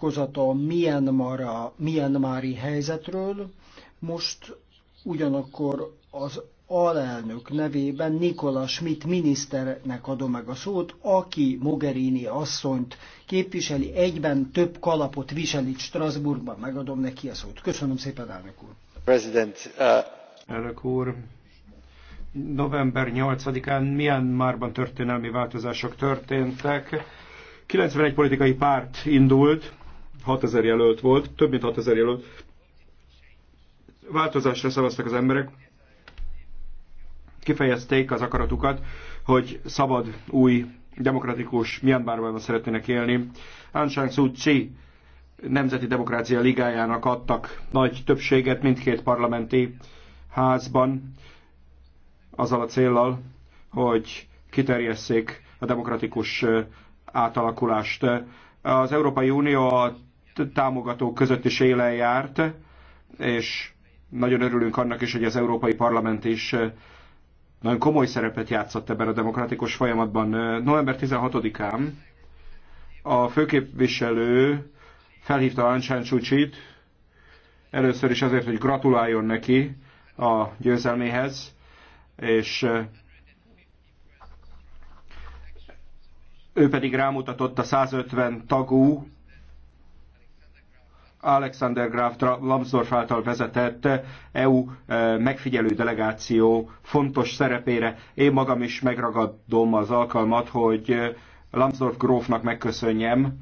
nyilatkozata a Myanmar, Myanmari helyzetről, most ugyanakkor az alelnök nevében Nikola Schmidt miniszternek adom meg a szót, aki Mogherini asszonyt képviseli, egyben több kalapot viseli Strasbourgban. Megadom neki a szót. Köszönöm szépen, elnök úr. President, uh... Elnök úr, november 8-án Myanmarban történelmi változások történtek. 91 politikai párt indult, 6000 jelölt volt, több mint 6000 jelölt. Változásra szavaztak az emberek, kifejezték az akaratukat, hogy szabad, új, demokratikus Myanmarban szeretnének élni. Aung San Suu Kyi Nemzeti Demokrácia Ligájának adtak nagy többséget mindkét parlamenti házban, azzal a célral, hogy kiterjesszék a demokratikus átalakulást. Az Európai Unió a támogatók között is élen járt, és nagyon örülünk annak is, hogy az Európai Parlament is nagyon komoly szerepet játszott ebben a demokratikus folyamatban. November 16-án a főképviselő felhívta Ancsán Csucsit, először is azért, hogy gratuláljon neki a győzelméhez, és ő pedig rámutatott a 150 tagú Alexander Graf Lambsdorff által vezetett EU e, megfigyelő delegáció fontos szerepére. Én magam is megragadom az alkalmat, hogy e, Lambsdorff grófnak megköszönjem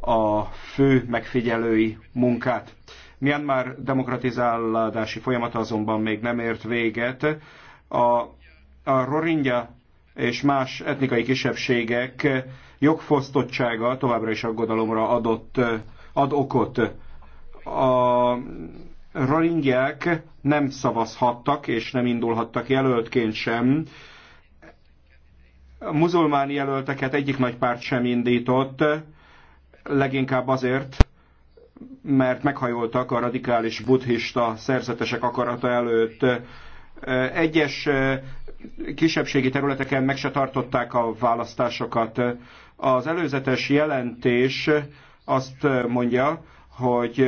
a fő megfigyelői munkát. Myanmar demokratizálódási folyamata azonban még nem ért véget. A, a Rohingya és más etnikai kisebbségek jogfosztottsága továbbra is aggodalomra adott, e, ad okot a rohingyák nem szavazhattak és nem indulhattak jelöltként sem. A muzulmán jelölteket egyik nagy párt sem indított, leginkább azért, mert meghajoltak a radikális buddhista szerzetesek akarata előtt. Egyes eh, kisebbségi területeken meg se tartották a választásokat. Az előzetes jelentés azt eh, mondja, hogy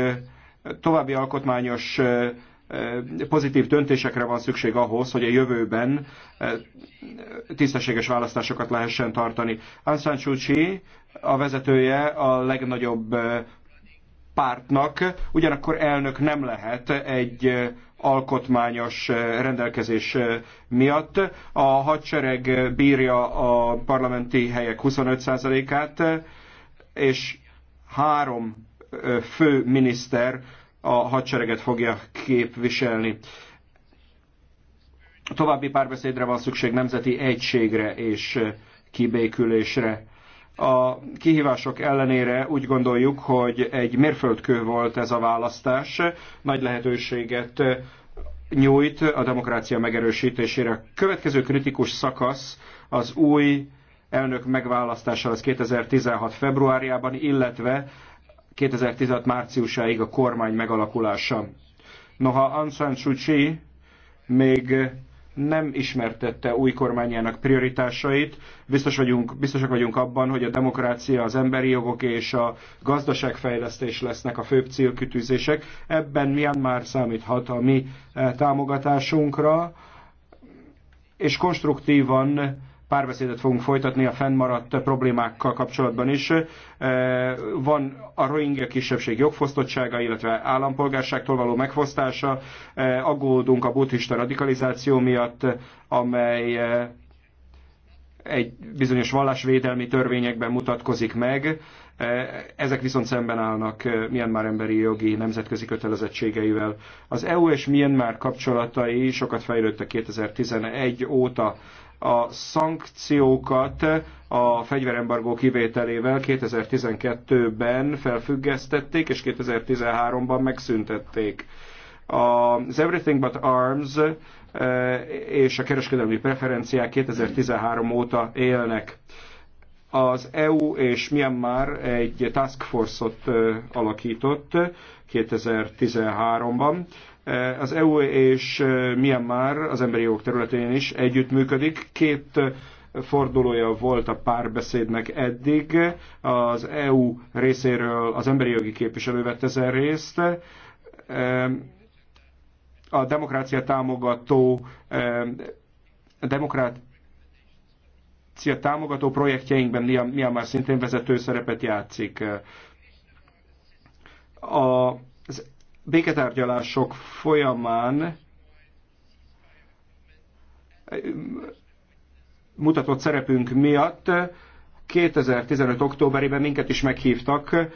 további alkotmányos pozitív döntésekre van szükség ahhoz, hogy a jövőben tisztességes választásokat lehessen tartani. Aung San Suu Kyi a vezetője a legnagyobb pártnak, ugyanakkor elnök nem lehet egy alkotmányos rendelkezés miatt. A hadsereg bírja a parlamenti helyek 25%-át, és három főminiszter a hadsereget fogja képviselni. További párbeszédre van szükség nemzeti egységre és kibékülésre. A kihívások ellenére úgy gondoljuk, hogy egy mérföldkő volt ez a választás, nagy lehetőséget nyújt a demokrácia megerősítésére. A következő kritikus szakasz az új elnök megválasztása az 2016. februárjában, illetve 2016 márciusáig a kormány megalakulása. Noha Aung San Suu Kyi még nem ismertette új kormányának prioritásait. Biztos vagyunk, biztosak vagyunk abban, hogy a demokrácia, az emberi jogok és a gazdaságfejlesztés lesznek a főbb célkütűzések. Ebben Myanmar számíthat a mi eh, támogatásunkra, és konstruktívan párbeszédet fogunk folytatni a fennmaradt problémákkal kapcsolatban is. Van a Rohingya kisebbség jogfosztottsága, illetve állampolgárságtól való megfosztása. Aggódunk a buddhista radikalizáció miatt, amely egy bizonyos vallásvédelmi törvényekben mutatkozik meg. Ezek viszont szemben állnak Myanmar emberi jogi nemzetközi kötelezettségeivel. Az EU és Myanmar kapcsolatai sokat fejlődtek 2011 óta a szankciókat a fegyverembargó kivételével 2012-ben felfüggesztették, és 2013-ban megszüntették. Az Everything But Arms eh, és a kereskedelmi preferenciák 2013 óta élnek. Az EU és Myanmar egy task force-ot eh, alakított 2013-ban, eh, Eh, az EU és eh, Myanmar az emberi jogok területén is együttműködik. Két eh, fordulója volt a párbeszédnek eddig. Az EU részéről az emberi jogi képviselő vett ezen részt. A demokrácia támogató a demokrát támogató projektjeinkben Myanmar szintén vezető szerepet játszik. A, az béketárgyalások folyamán eh, mutatott szerepünk miatt 2015. októberében minket is meghívtak eh,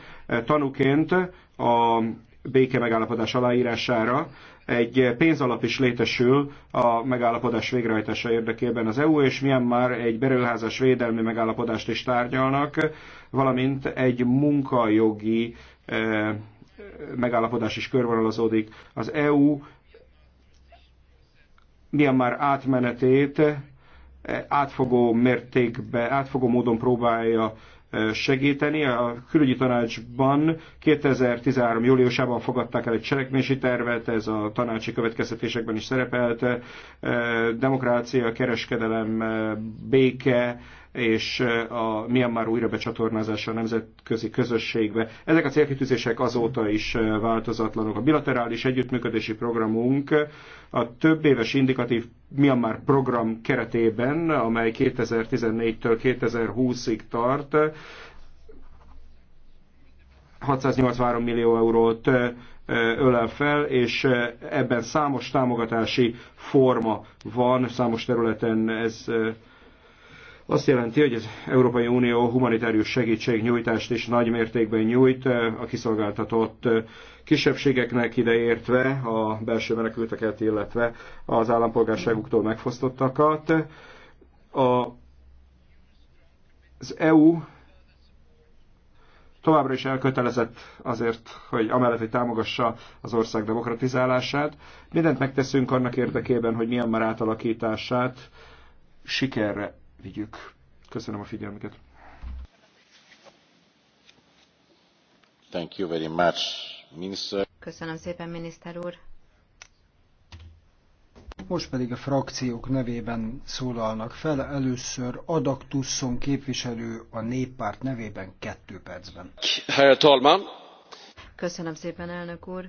tanuként a béke megállapodás aláírására. Egy pénzalap is létesül a megállapodás végrehajtása érdekében. Az EU és Myanmar egy berőházas védelmi megállapodást is tárgyalnak, valamint egy munkajogi eh, megállapodás is körvonalazódik. Az EU Myanmar átmenetét átfogó mértékbe, átfogó módon próbálja e, segíteni. A külügyi tanácsban 2013. júliusában fogadták el egy cselekvési tervet, ez a tanácsi következtetésekben is szerepelt, e, demokrácia, kereskedelem, e, béke, és a Myanmar újra becsatornázása a nemzetközi közösségbe. Ezek a célkitűzések azóta is változatlanok. A bilaterális együttműködési programunk a több éves indikatív Myanmar program keretében, amely 2014-től 2020-ig tart, 683 millió eurót ölel fel, és ebben számos támogatási forma van, számos területen ez azt jelenti, hogy az Európai Unió humanitárius segítségnyújtást is nagy mértékben nyújt a kiszolgáltatott kisebbségeknek ideértve a belső menekülteket, illetve az állampolgárságuktól megfosztottakat. A, az EU továbbra is elkötelezett azért, hogy amellett, hogy támogassa az ország demokratizálását. Mindent megteszünk annak érdekében, hogy már átalakítását sikerre vigyük. Köszönöm a figyelmüket. Thank you very much, minister. Köszönöm szépen, miniszter úr. Most pedig a frakciók nevében szólalnak fel. Először Adak képviselő a néppárt nevében kettő percben. Herr Talman. Köszönöm szépen, elnök úr.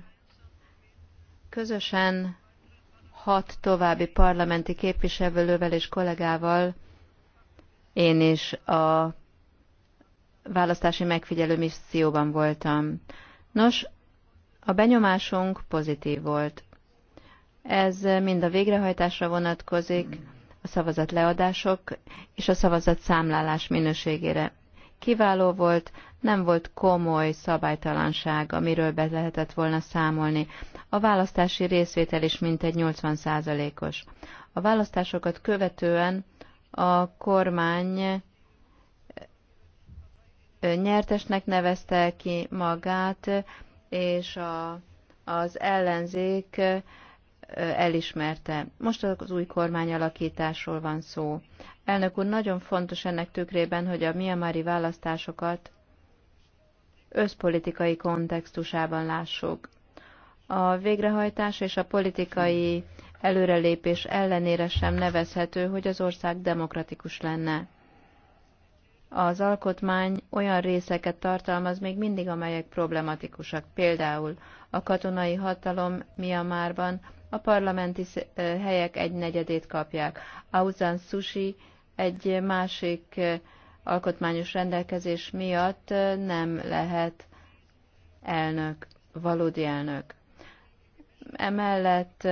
Közösen hat további parlamenti képviselővel és kollégával én is a választási megfigyelő misszióban voltam. Nos, a benyomásunk pozitív volt. Ez mind a végrehajtásra vonatkozik, a szavazat leadások és a szavazat számlálás minőségére. Kiváló volt, nem volt komoly szabálytalanság, amiről be lehetett volna számolni. A választási részvétel is mintegy 80%-os. A választásokat követően a kormány nyertesnek nevezte ki magát, és a, az ellenzék elismerte. Most az új kormány alakításról van szó. Elnök úr, nagyon fontos ennek tükrében, hogy a miamári választásokat összpolitikai kontextusában lássuk. A végrehajtás és a politikai előrelépés ellenére sem nevezhető, hogy az ország demokratikus lenne. Az alkotmány olyan részeket tartalmaz még mindig, amelyek problematikusak, például a katonai hatalom Myanmarban, a parlamenti eh, helyek egy negyedét kapják. Auzan Sushi egy másik eh, alkotmányos rendelkezés miatt eh, nem lehet elnök, valódi elnök. Emellett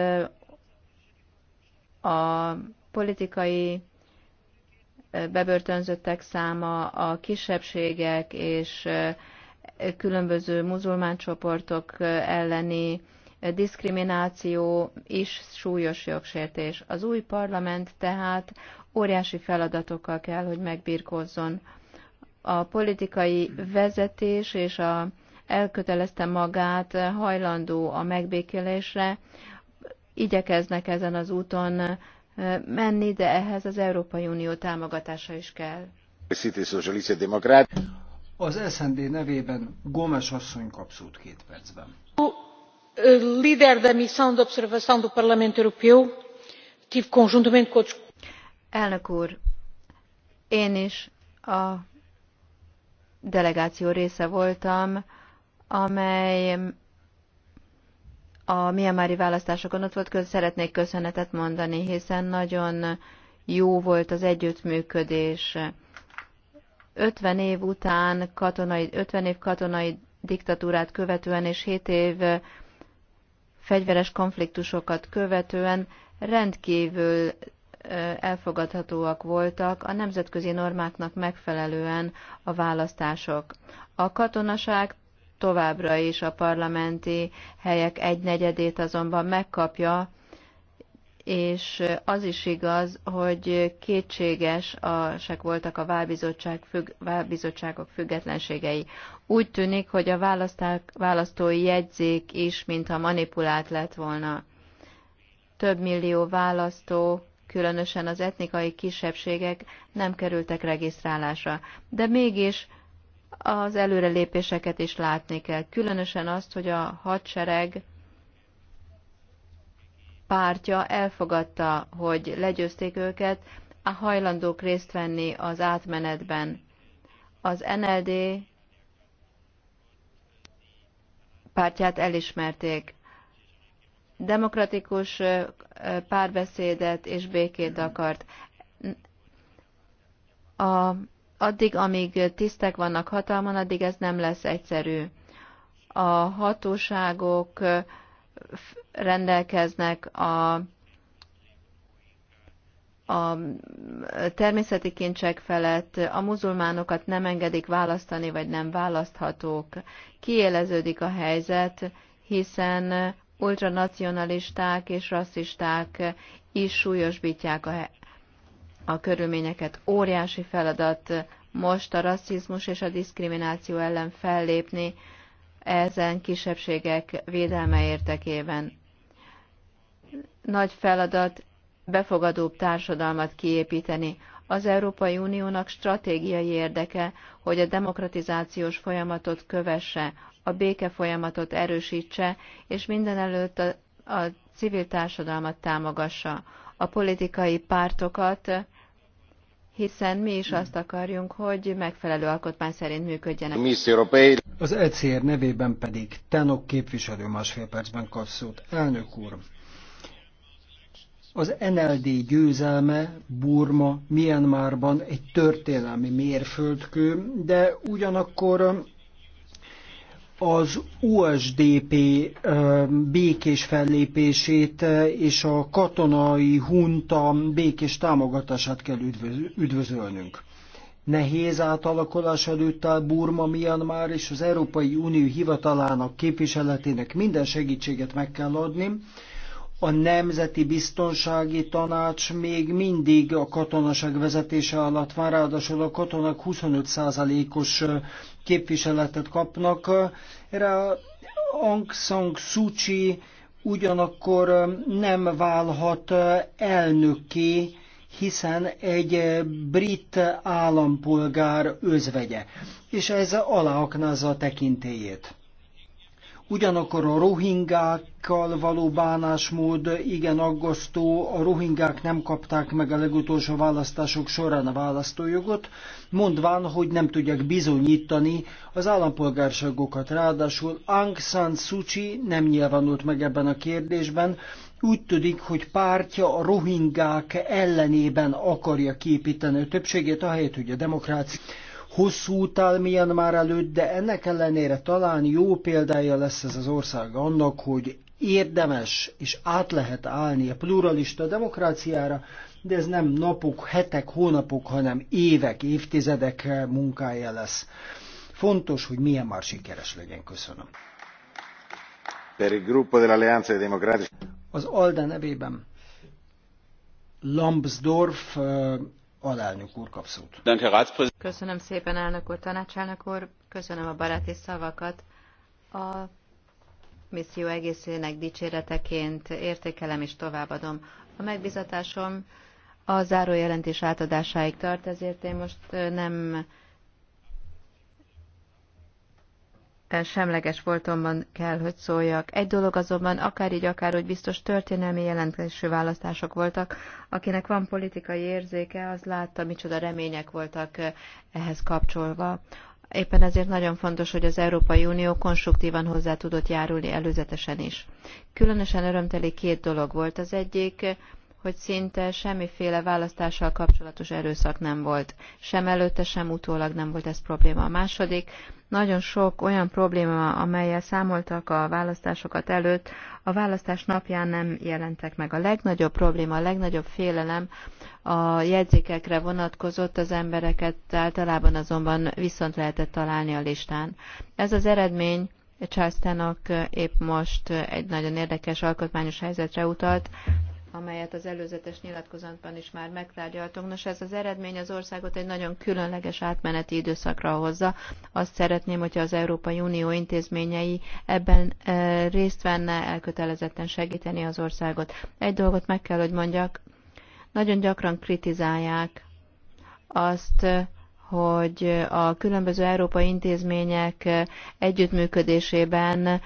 a politikai bebörtönzöttek száma, a kisebbségek és különböző muzulmán csoportok elleni diszkrimináció is súlyos jogsértés. Az új parlament tehát óriási feladatokkal kell, hogy megbírkozzon. A politikai vezetés és a elkötelezte magát hajlandó a megbékélésre, igyekeznek ezen az úton menni, de ehhez az Európai Unió támogatása is kell. Az SND nevében Gomes asszony kap szót két percben. Líder da missão de observação do Parlamento Europeu, tive conjuntamente com outros... Elnök úr, én is a delegáció része voltam, amely a Myanmari választásokon ott volt, szeretnék köszönetet mondani, hiszen nagyon jó volt az együttműködés. 50 év után, katonai, 50 év katonai diktatúrát követően és 7 év fegyveres konfliktusokat követően rendkívül elfogadhatóak voltak a nemzetközi normáknak megfelelően a választások. A katonaság továbbra is a parlamenti helyek egynegyedét azonban megkapja, és az is igaz, hogy kétséges a, sek voltak a válbizottság függ, válbizottságok függetlenségei. Úgy tűnik, hogy a választói jegyzék is, mintha manipulált lett volna. Több millió választó, különösen az etnikai kisebbségek nem kerültek regisztrálásra, de mégis az előrelépéseket is látni kell. Különösen azt, hogy a hadsereg pártja elfogadta, hogy legyőzték őket, a hajlandók részt venni az átmenetben. Az NLD pártját elismerték. Demokratikus párbeszédet és békét akart. A addig, amíg tisztek vannak hatalman, addig ez nem lesz egyszerű. A hatóságok rendelkeznek a, a természeti kincsek felett, a muzulmánokat nem engedik választani, vagy nem választhatók. Kiéleződik a helyzet, hiszen ultranacionalisták és rasszisták is súlyosbítják a a körülményeket. Óriási feladat most a rasszizmus és a diszkrimináció ellen fellépni ezen kisebbségek védelme értekében. Nagy feladat befogadóbb társadalmat kiépíteni. Az Európai Uniónak stratégiai érdeke, hogy a demokratizációs folyamatot kövesse, a béke folyamatot erősítse, és mindenelőtt a, a civil társadalmat támogassa, a politikai pártokat, hiszen mi is azt akarjunk, hogy megfelelő alkotmány szerint működjenek. Az ECR nevében pedig Tenok képviselő másfél percben kap szót. Elnök úr, az NLD győzelme Burma, Myanmarban egy történelmi mérföldkő, de ugyanakkor az USDP békés fellépését és a katonai hunta békés támogatását kell üdvözölnünk. Nehéz átalakulás előtt áll Burma, Myanmar és az Európai Unió hivatalának képviseletének minden segítséget meg kell adni. A Nemzeti Biztonsági Tanács még mindig a katonaság vezetése alatt van, ráadásul a katonák 25%-os képviseletet kapnak. Erre Aung San Suu Kyi ugyanakkor nem válhat elnökké, hiszen egy brit állampolgár özvegye, és ez aláaknázza a tekintélyét. Ugyanakkor a rohingákkal való bánásmód igen aggasztó, a rohingák nem kapták meg a legutolsó választások során a választójogot, mondván, hogy nem tudják bizonyítani az állampolgárságokat. Ráadásul Aung San Suu Kyi nem nyilvánult meg ebben a kérdésben, úgy tűnik, hogy pártja a rohingák ellenében akarja képíteni a többségét, ahelyett, hogy a demokrácia hosszú utál milyen már előtt, de ennek ellenére talán jó példája lesz ez az ország annak, hogy érdemes és át lehet állni a pluralista demokráciára, de ez nem napok, hetek, hónapok, hanem évek, évtizedek munkája lesz. Fontos, hogy milyen már sikeres legyen. Köszönöm. Az ALDE nevében Lambsdorff Alelnök úr kap szót. Köszönöm szépen, elnök úr, tanácselnök úr, köszönöm a baráti szavakat. A misszió egészének dicséreteként értékelem és továbbadom. A megbizatásom a zárójelentés átadásáig tart, ezért én most nem semleges voltomban kell, hogy szóljak. Egy dolog azonban, akár így, akár hogy biztos történelmi jelentésű választások voltak, akinek van politikai érzéke, az látta, micsoda remények voltak eh, ehhez kapcsolva. Éppen ezért nagyon fontos, hogy az Európai Unió konstruktívan hozzá tudott járulni előzetesen is. Különösen örömteli két dolog volt. Az egyik, hogy szinte semmiféle választással kapcsolatos erőszak nem volt. Sem előtte, sem utólag nem volt ez probléma. A második, nagyon sok olyan probléma, amelyel számoltak a választásokat előtt, a választás napján nem jelentek meg. A legnagyobb probléma, a legnagyobb félelem a jegyzékekre vonatkozott, az embereket általában azonban viszont lehetett találni a listán. Ez az eredmény Charles Tannock épp most egy nagyon érdekes alkotmányos helyzetre utalt, amelyet az előzetes nyilatkozatban is már megtárgyaltunk. Nos, ez az eredmény az országot egy nagyon különleges átmeneti időszakra hozza. Azt szeretném, hogyha az Európai Unió intézményei ebben e, részt venne, elkötelezetten segíteni az országot. Egy dolgot meg kell, hogy mondjak, nagyon gyakran kritizálják azt, hogy a különböző európai intézmények együttműködésében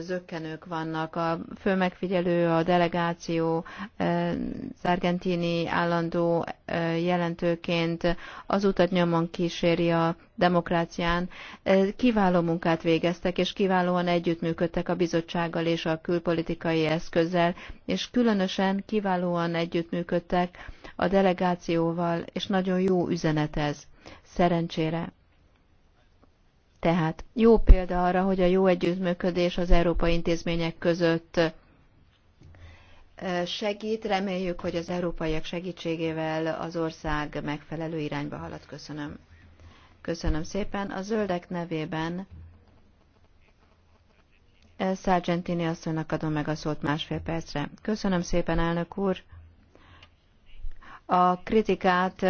zöggenők vannak. A főmegfigyelő, a delegáció, az argentini állandó jelentőként az utat nyomon kíséri a demokrácián. Kiváló munkát végeztek, és kiválóan együttműködtek a bizottsággal és a külpolitikai eszközzel, és különösen kiválóan együttműködtek a delegációval, és nagyon jó üzenet ez. Szerencsére. Tehát jó példa arra, hogy a jó együttműködés az európai intézmények között segít. Reméljük, hogy az európaiak segítségével az ország megfelelő irányba halad. Köszönöm. Köszönöm szépen. A zöldek nevében Sargentini asszonynak adom meg a szót másfél percre. Köszönöm szépen, elnök úr. A kritikát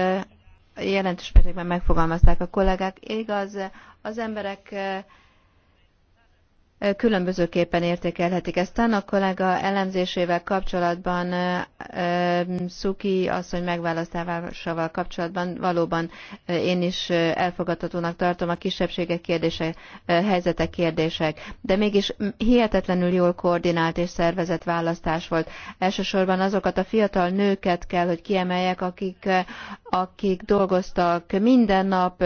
jelentős mértékben megfogalmazták a kollégák. Igaz, az emberek különbözőképpen értékelhetik. Ezt Tánok kollega elemzésével kapcsolatban, Szuki asszony megválasztásával kapcsolatban valóban én is elfogadhatónak tartom a kisebbségek kérdése, helyzetek kérdések, de mégis hihetetlenül jól koordinált és szervezett választás volt. Elsősorban azokat a fiatal nőket kell, hogy kiemeljek, akik, akik dolgoztak minden nap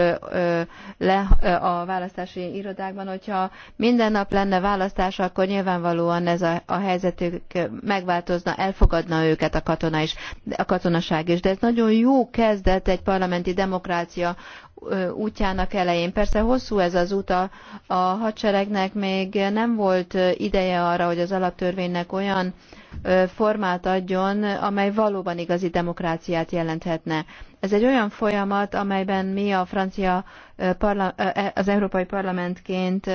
le, a választási irodákban, hogyha minden nap le lenne választás, akkor nyilvánvalóan ez a, a helyzetük megváltozna, elfogadna őket a, katona is, a katonaság is. De ez nagyon jó kezdet egy parlamenti demokrácia útjának elején. Persze hosszú ez az út a, a hadseregnek, még nem volt ideje arra, hogy az alaptörvénynek olyan formát adjon, amely valóban igazi demokráciát jelenthetne. Ez egy olyan folyamat, amelyben mi a francia e, az Európai Parlamentként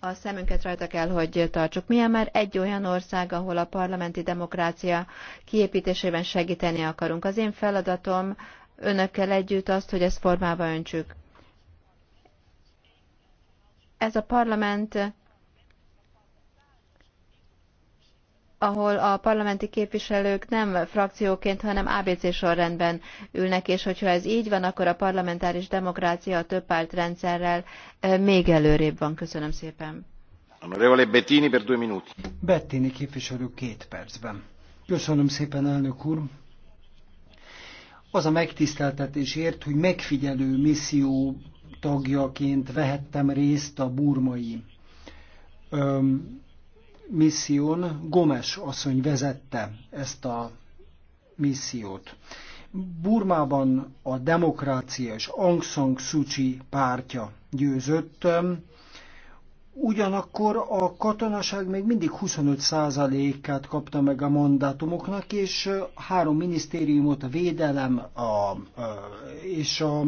a szemünket rajta kell, hogy tartsuk. Milyen már egy olyan ország, ahol a parlamenti demokrácia kiépítésében segíteni akarunk. Az én feladatom önökkel együtt azt, hogy ezt formába öntsük. Ez a parlament ahol a parlamenti képviselők nem frakcióként, hanem ABC sorrendben ülnek, és hogyha ez így van, akkor a parlamentáris demokrácia a többpárt rendszerrel eh, még előrébb van. Köszönöm szépen. Honorevole Bettini per due minuti. Bettini képviselő két percben. Köszönöm szépen, elnök úr az a megtiszteltetésért, hogy megfigyelő misszió tagjaként vehettem részt a burmai öm, misszión Gomes asszony vezette ezt a missziót. Burmában a demokrácia és Aung San Suu Kyi pártja győzött, ugyanakkor a katonaság még mindig 25%-át kapta meg a mandátumoknak, és három minisztériumot, a védelem a, a, és a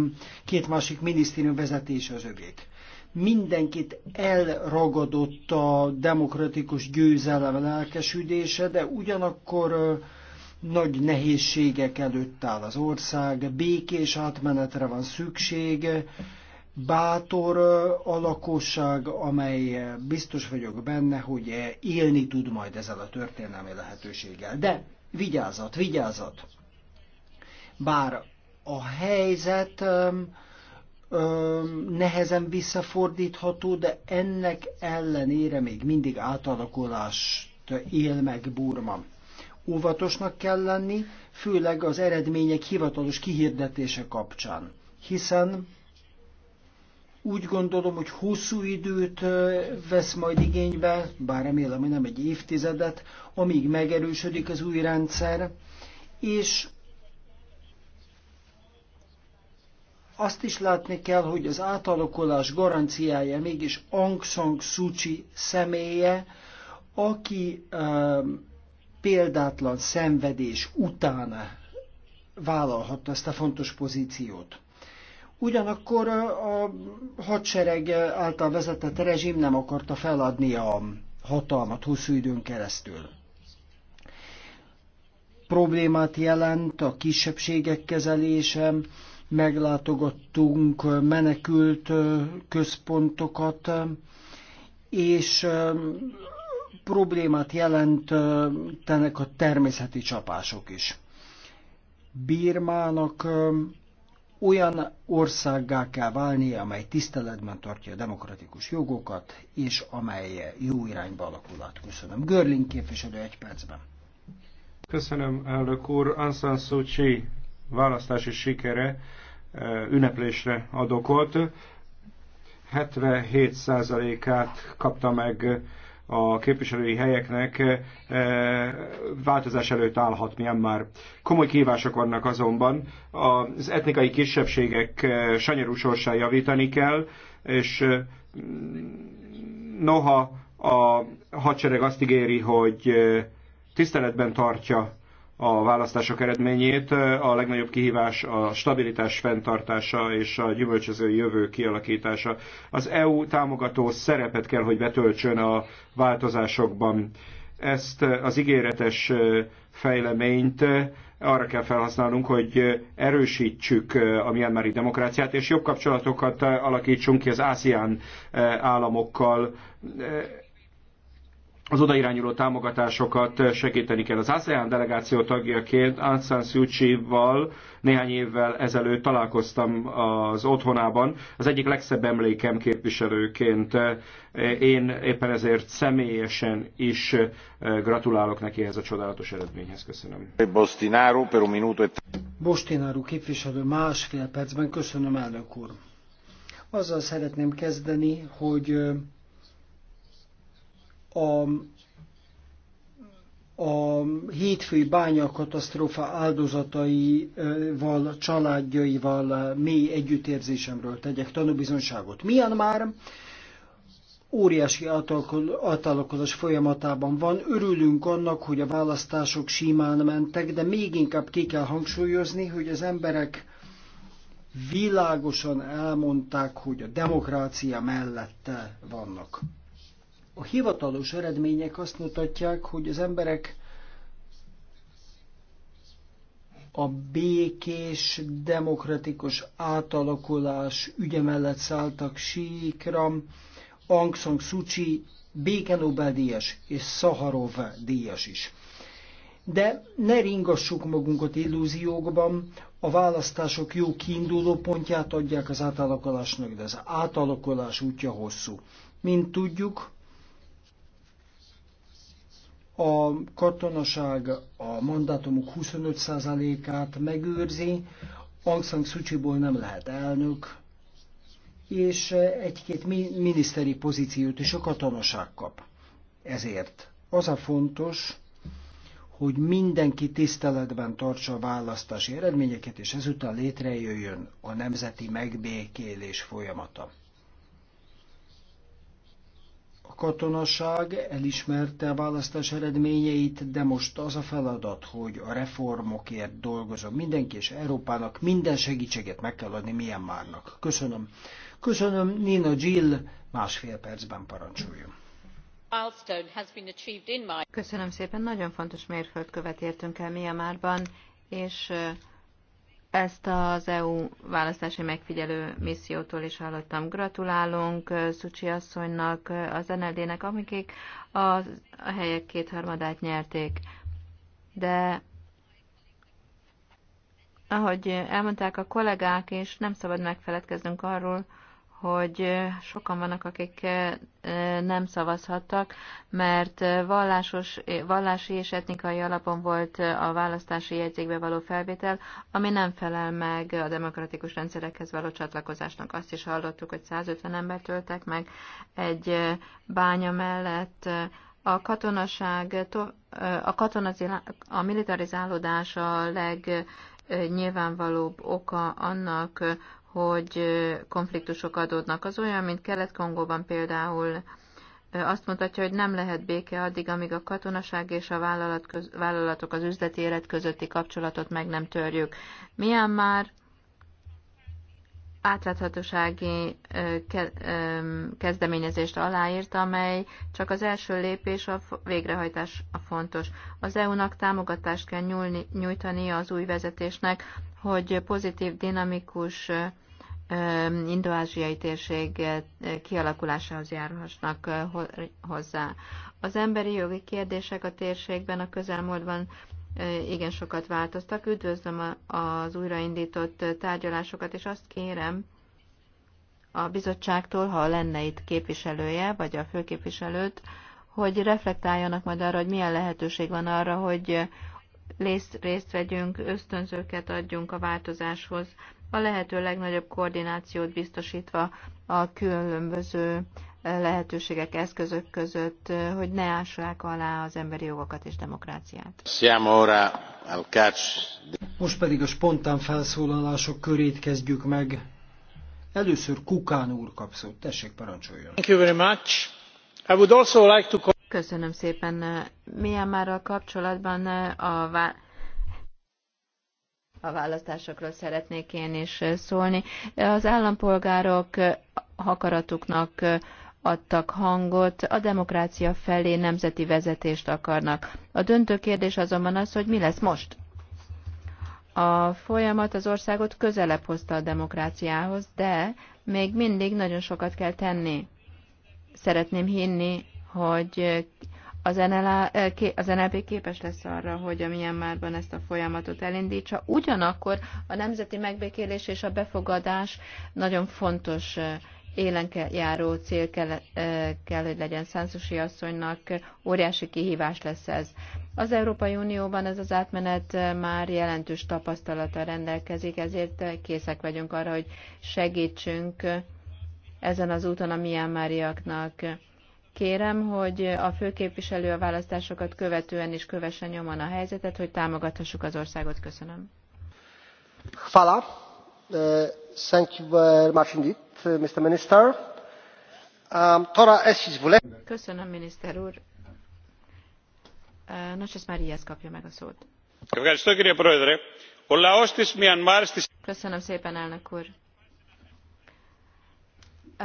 két másik minisztérium vezetése az övék mindenkit elragadott a demokratikus győzelem lelkesüdése, de ugyanakkor nagy nehézségek előtt áll az ország, békés átmenetre van szükség, bátor a lakosság, amely biztos vagyok benne, hogy élni tud majd ezzel a történelmi lehetőséggel. De vigyázat, vigyázat! Bár a helyzet nehezen visszafordítható, de ennek ellenére még mindig átalakulást él meg Burma. Óvatosnak kell lenni, főleg az eredmények hivatalos kihirdetése kapcsán, hiszen úgy gondolom, hogy hosszú időt vesz majd igénybe, bár remélem, hogy nem egy évtizedet, amíg megerősödik az új rendszer, és Azt is látni kell, hogy az átalakulás garanciája mégis Aung San Suu Kyi személye, aki um, példátlan szenvedés után vállalhatta ezt a fontos pozíciót. Ugyanakkor a hadsereg által vezetett rezsim nem akarta feladni a hatalmat hosszú időn keresztül. Problémát jelent a kisebbségek kezelése, meglátogattunk menekült központokat, és problémát jelentenek a természeti csapások is. Birmának olyan országgá kell válni, amely tiszteletben tartja a demokratikus jogokat, és amely jó irányba alakul át. Köszönöm. Görling képviselő egy percben. Köszönöm, elnök úr. Ansan Suu Kyi választási sikere ünneplésre adokolt. 77%-át kapta meg a képviselői helyeknek változás előtt állhat már. Komoly kívások vannak azonban. Az etnikai kisebbségek sanyarú sorsán javítani kell, és noha a hadsereg azt ígéri, hogy tiszteletben tartja a választások eredményét. A legnagyobb kihívás a stabilitás fenntartása és a gyümölcsöző jövő kialakítása. Az EU támogató szerepet kell, hogy betöltsön a változásokban. Ezt az ígéretes fejleményt arra kell felhasználnunk, hogy erősítsük a Myanmari demokráciát, és jobb kapcsolatokat alakítsunk ki az ASEAN államokkal az odairányuló támogatásokat segíteni kell. Az ASEAN delegáció tagjaként Aung San Suu Kyi-val néhány évvel ezelőtt találkoztam az otthonában, az egyik legszebb emlékem képviselőként. Én éppen ezért személyesen is eh, gratulálok neki ehhez a csodálatos eredményhez. Köszönöm. Bostináró, per un minuto e Bostináró képviselő másfél percben. Köszönöm, elnök úr. Azzal szeretném kezdeni, hogy eh, a, a hétfői bánya katasztrófa áldozataival, családjaival mély együttérzésemről tegyek Milyen Myanmar óriási átalakulás folyamatában van. Örülünk annak, hogy a választások simán mentek, de még inkább ki kell hangsúlyozni, hogy az emberek világosan elmondták, hogy a demokrácia mellette vannak. A hivatalos eredmények azt mutatják, hogy az emberek a békés, demokratikus átalakulás ügye mellett szálltak síkra. Aung San Suu Kyi béke Nobel-díjas és Szaharov díjas is. De ne ringassuk magunkat illúziókban, a választások jó kiinduló pontját adják az átalakulásnak, de az átalakulás útja hosszú. Mint tudjuk, a katonaság a mandátumok 25%-át megőrzi, Aung San Suu Kyi-ból nem lehet elnök, és egy-két miniszteri pozíciót is a katonaság kap. Ezért az a fontos, hogy mindenki tiszteletben tartsa a választási eredményeket, és ezután létrejöjjön a nemzeti megbékélés folyamata katonaság elismerte a választás eredményeit, de most az a feladat, hogy a reformokért dolgozom mindenki, és Európának minden segítséget meg kell adni Myanmarnak. Köszönöm. Köszönöm, Nina Gill, másfél percben parancsoljon. Köszönöm szépen, nagyon fontos mérföldkövet értünk el Myanmarban, és ezt az EU választási megfigyelő missziótól is hallottam. Gratulálunk Szucsi asszonynak, az NLD-nek, amikik a, a helyek kétharmadát nyerték. De ahogy elmondták a kollégák, és nem szabad megfeledkeznünk arról, hogy sokan vannak, akik nem szavazhattak, mert vallásos, vallási és etnikai alapon volt a választási jegyzékbe való felvétel, ami nem felel meg a demokratikus rendszerekhez való csatlakozásnak. Azt is hallottuk, hogy 150 embert töltek meg egy bánya mellett. A katonaság, a, katonazil, a militarizálódás a leg nyilvánvalóbb oka annak, hogy konfliktusok adódnak. Az olyan, mint Kelet-Kongóban például azt mutatja, hogy nem lehet béke addig, amíg a katonaság és a vállalat köz, vállalatok az üzleti élet közötti kapcsolatot meg nem törjük. Milyen már átláthatósági kezdeményezést aláírt, amely csak az első lépés, a végrehajtás a fontos. Az EU-nak támogatást kell nyújtani az új vezetésnek hogy pozitív, dinamikus indoázsiai térség kialakulásához járhatnak hozzá. Az emberi jogi kérdések a térségben a közelmúltban igen sokat változtak. Üdvözlöm az újraindított tárgyalásokat, és azt kérem a bizottságtól, ha lenne itt képviselője, vagy a főképviselőt, hogy reflektáljanak majd arra, hogy milyen lehetőség van arra, hogy részt, részt vegyünk, ösztönzőket adjunk a változáshoz, a lehető legnagyobb koordinációt biztosítva a különböző eh, lehetőségek, eszközök között, eh, hogy ne ássák alá az emberi jogokat és demokráciát. Most pedig a spontán felszólalások körét kezdjük meg. Először Kukán úr kap szót. Tessék, parancsoljon. Thank you very much. I would also like to Köszönöm szépen. a kapcsolatban eh, a vá- a választásokról szeretnék én is eh, szólni. Az állampolgárok eh, hakaratuknak adtak hangot, a demokrácia felé nemzeti vezetést akarnak. A döntő kérdés azonban az, hogy mi lesz most. A folyamat az országot közelebb hozta a demokráciához, de még mindig nagyon sokat kell tenni. Szeretném hinni, hogy az, NLA, eh, az NLP képes lesz arra, hogy a Myanmarban ezt a folyamatot elindítsa. Ugyanakkor a nemzeti megbékélés és a befogadás nagyon fontos eh, élen járó cél kell, eh, kell, hogy legyen Szánszusi asszonynak, óriási kihívás lesz ez. Az Európai Unióban ez az átmenet már jelentős tapasztalata rendelkezik, ezért készek vagyunk arra, hogy segítsünk ezen az úton a Myanmariaknak. Kérem, hogy a főképviselő a választásokat követően is kövesse nyomon a helyzetet, hogy támogathassuk az országot. Köszönöm. Fala. Eh, thank you very much indeed, eh, Mr. Minister. Um, Tora Köszönöm, miniszter úr. Eh, Nocsesz Marias kapja meg a szót. Köszönöm szépen, elnök úr.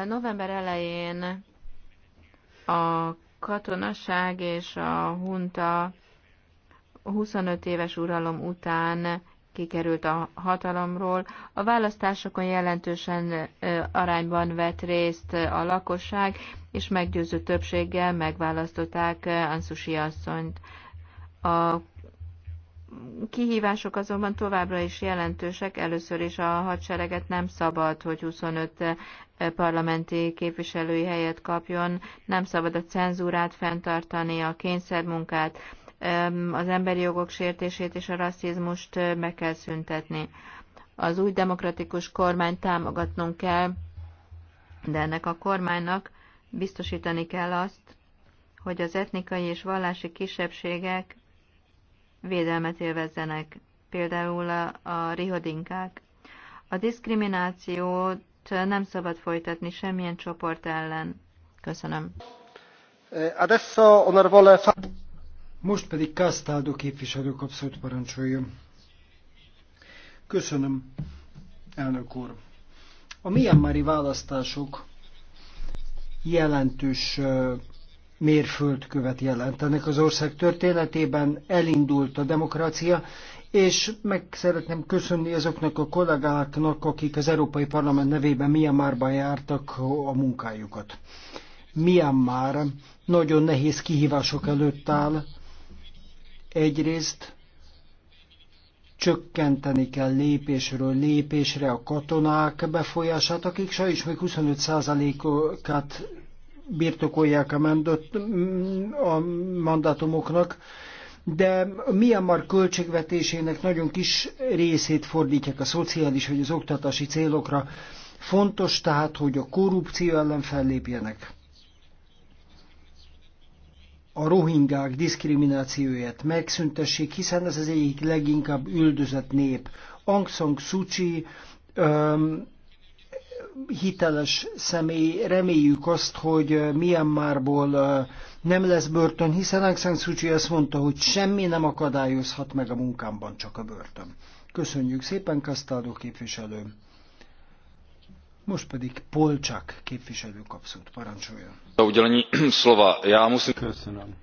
November elején a katonaság és a hunta 25 éves uralom után kikerült a hatalomról. A választásokon jelentősen arányban vett részt a lakosság, és meggyőző többséggel megválasztották Ansusi asszonyt. A kihívások azonban továbbra is jelentősek. Először is a hadsereget nem szabad, hogy 25 eh, parlamenti képviselői helyet kapjon, nem szabad a cenzúrát fenntartani, a kényszermunkát, az emberi jogok sértését és a rasszizmust eh, be kell szüntetni. Az új demokratikus kormányt támogatnunk kell, de ennek a kormánynak biztosítani kell azt, hogy az etnikai és vallási kisebbségek védelmet élvezzenek, például a rihodinkák. A diszkriminációt nem szabad folytatni semmilyen csoport ellen. Köszönöm. E, Most pedig Kastáldó képviselő kapszót parancsoljon. Köszönöm, elnök úr. A Myanmari választások jelentős mérföldkövet jelentenek az ország történetében, elindult a demokrácia, és meg szeretném köszönni azoknak a kollégáknak, akik az Európai Parlament nevében Myanmarban jártak a munkájukat. Myanmar nagyon nehéz kihívások előtt áll. Egyrészt csökkenteni kell lépésről lépésre a katonák befolyását, akik sajnos még 25%-át birtokolják a, mandat, a mandátumoknak, de a Myanmar költségvetésének nagyon kis részét fordítják a szociális vagy az oktatási célokra. Fontos tehát, hogy a korrupció ellen fellépjenek. A rohingák diszkriminációját megszüntessék, hiszen ez az egyik leginkább üldözött nép. Aung San Suu Kyi hiteles személy, reméljük azt, hogy Myanmarból nem lesz börtön, hiszen Aung San Suu Kyi azt mondta, hogy semmi nem akadályozhat meg a munkámban, csak a börtön. Köszönjük szépen, Kasztádó képviselő. Most pedig Polcsak képviselő kapszót parancsoljon. Köszönöm.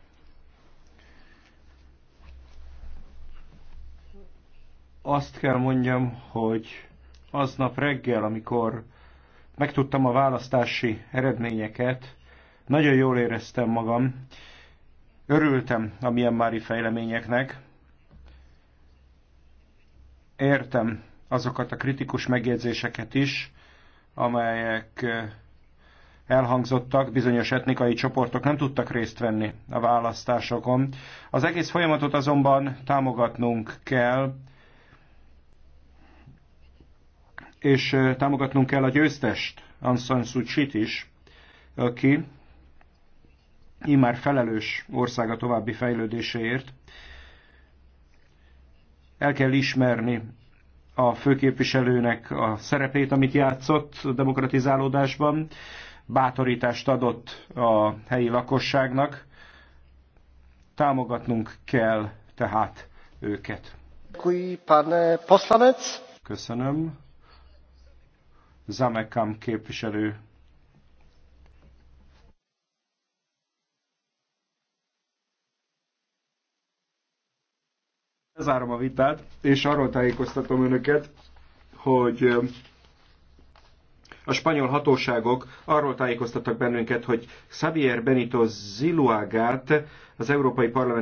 Azt kell mondjam, hogy aznap reggel, amikor megtudtam a választási eredményeket, nagyon jól éreztem magam, örültem a Myanmari fejleményeknek, értem azokat a kritikus megjegyzéseket is, amelyek elhangzottak, bizonyos etnikai csoportok nem tudtak részt venni a választásokon. Az egész folyamatot azonban támogatnunk kell, és támogatnunk kell a győztest, Ansan San is, aki immár felelős országa további fejlődéséért. El kell ismerni a főképviselőnek a szerepét, amit játszott a demokratizálódásban, bátorítást adott a helyi lakosságnak, támogatnunk kell tehát őket. Köszönöm. Zamekam képviselő. Lezárom a vitát, és arról tájékoztatom önöket, hogy a spanyol hatóságok arról tájékoztattak bennünket, hogy Xavier Benito Ziluagát az Európai Parlament